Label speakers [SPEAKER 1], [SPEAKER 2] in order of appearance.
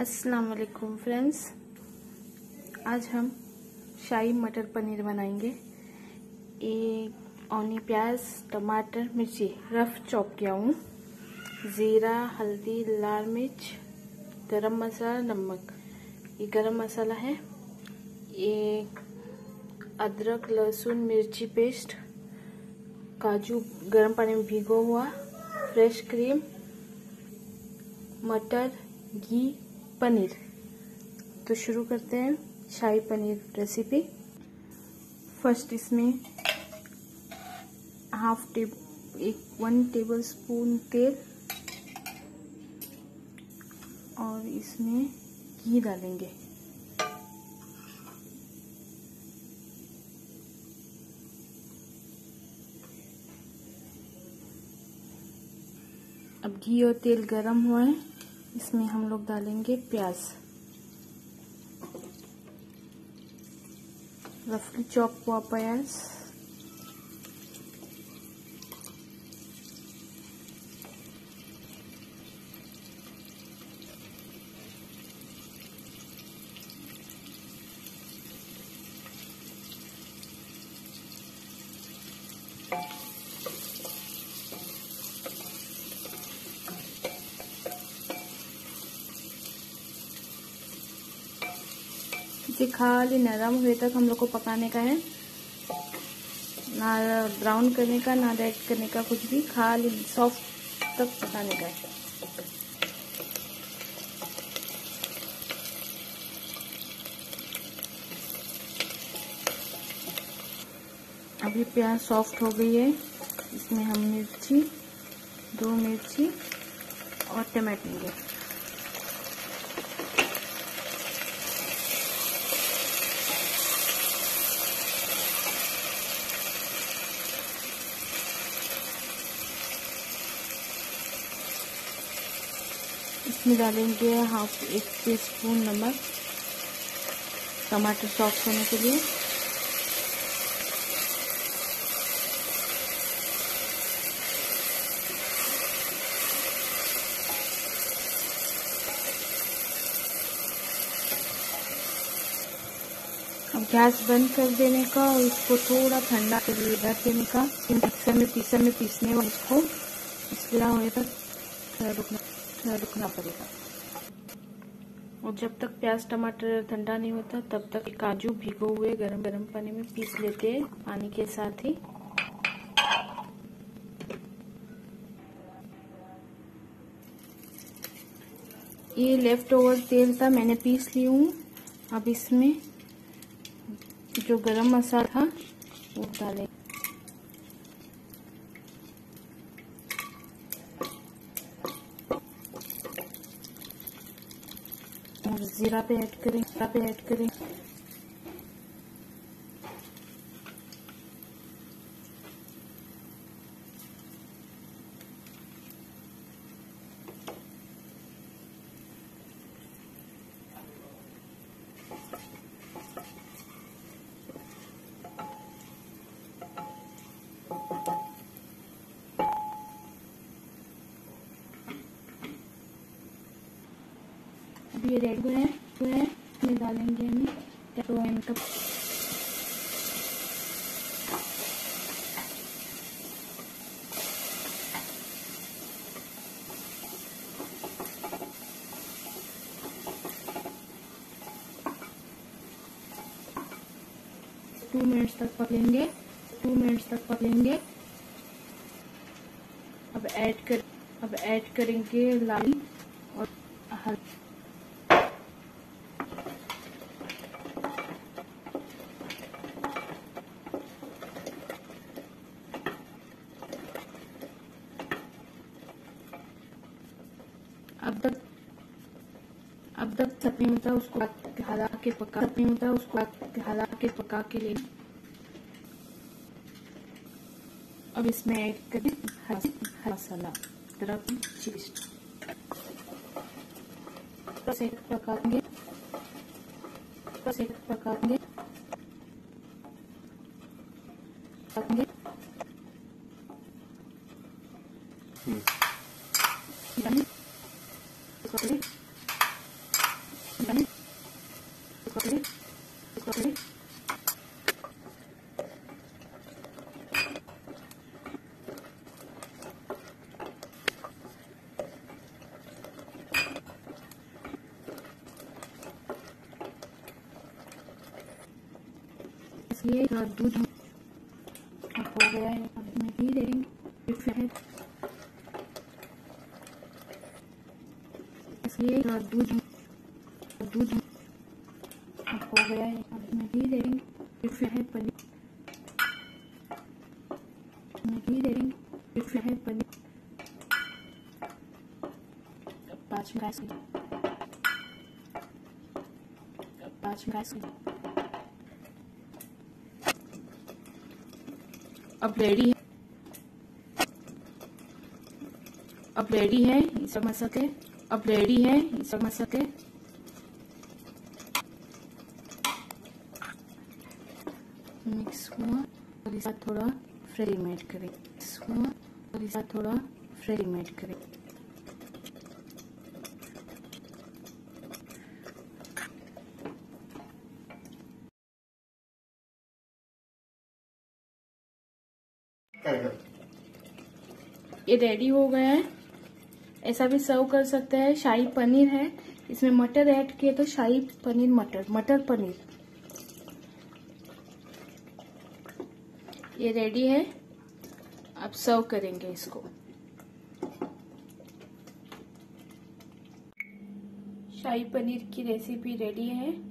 [SPEAKER 1] असलकुम फ्रेंड्स आज हम शाही मटर पनीर बनाएंगे एक ओनी प्याज टमाटर मिर्ची रफ चॉप किया हूँ ज़ीरा हल्दी लाल मिर्च गरम मसाला नमक ये गरम मसाला है एक अदरक लहसुन मिर्ची पेस्ट काजू गरम पानी में भिगो हुआ फ्रेश क्रीम मटर घी पनीर तो शुरू करते हैं शाही पनीर रेसिपी फर्स्ट इसमें हाफ टेब एक वन टेबल स्पून तेल और इसमें घी डालेंगे अब घी और तेल गरम हुआ है इसमें हम लोग डालेंगे प्याज रफली चॉप हुआ प्याज इसे खाली नरम हुए तक तो हम लोग को पकाने का है ना ब्राउन करने का ना रेड करने का कुछ भी खाली सॉफ्ट तक पकाने का है अभी प्याज सॉफ्ट हो गई है इसमें हम मिर्ची दो मिर्ची और टमाटर लेंगे इसमें डालेंगे हाफ एक टी स्पून नमक टमाटर सॉफ्ट होने के लिए अब गैस बंद कर देने का और इसको थोड़ा ठंडा कर लिए देने का मिक्सर में पीसर में पीसने वाले इसको पिछला होने तक रुकना थोड़ा रुकना पड़ेगा और जब तक प्याज टमाटर ठंडा नहीं होता तब तक काजू भिगो हुए गरम गरम पानी में पीस लेते हैं पानी के साथ ही ये लेफ्ट ओवर तेल था मैंने पीस ली हूँ अब इसमें जो गरम मसाला था वो डालें ज़ीरा पे ऐड करें ज़ीरा पे ऐड करें अब ये रेड हुए हैं हुए हैं इसमें डालेंगे हम टैटो एंड मेकअप टू मिनट्स तक पक लेंगे टू मिनट्स तक पक लेंगे अब ऐड कर अब ऐड करेंगे लाल और हल्दी अब तक अब तक चटनी उसको हला के पका चटनी उसको हला के पका के ले अब इसमें ऐड करें हरा मसाला तरफ चीज बस एक पकाएंगे एक पकाएंगे पकाएंगे हम्म इसलिए दूध हो गया है अब दे देंगे फिर ये दूध हो गया है अब नहीं देंगे है पनीर नहीं देंगे पनीर पाँच पाँच अब रेडी है अब रेडी है सब मसाले अब रेडी है समझ सके मिक्स हुआ और इसका थोड़ा फ्रेम मेड करें मिक्स हुआ और इसका थोड़ा फ्रेम एड करें ये रेडी हो गया है ऐसा भी सर्व कर सकते हैं शाही पनीर है इसमें मटर ऐड किए तो शाही पनीर मटर मटर पनीर ये रेडी है अब सर्व करेंगे इसको शाही पनीर की रेसिपी रेडी है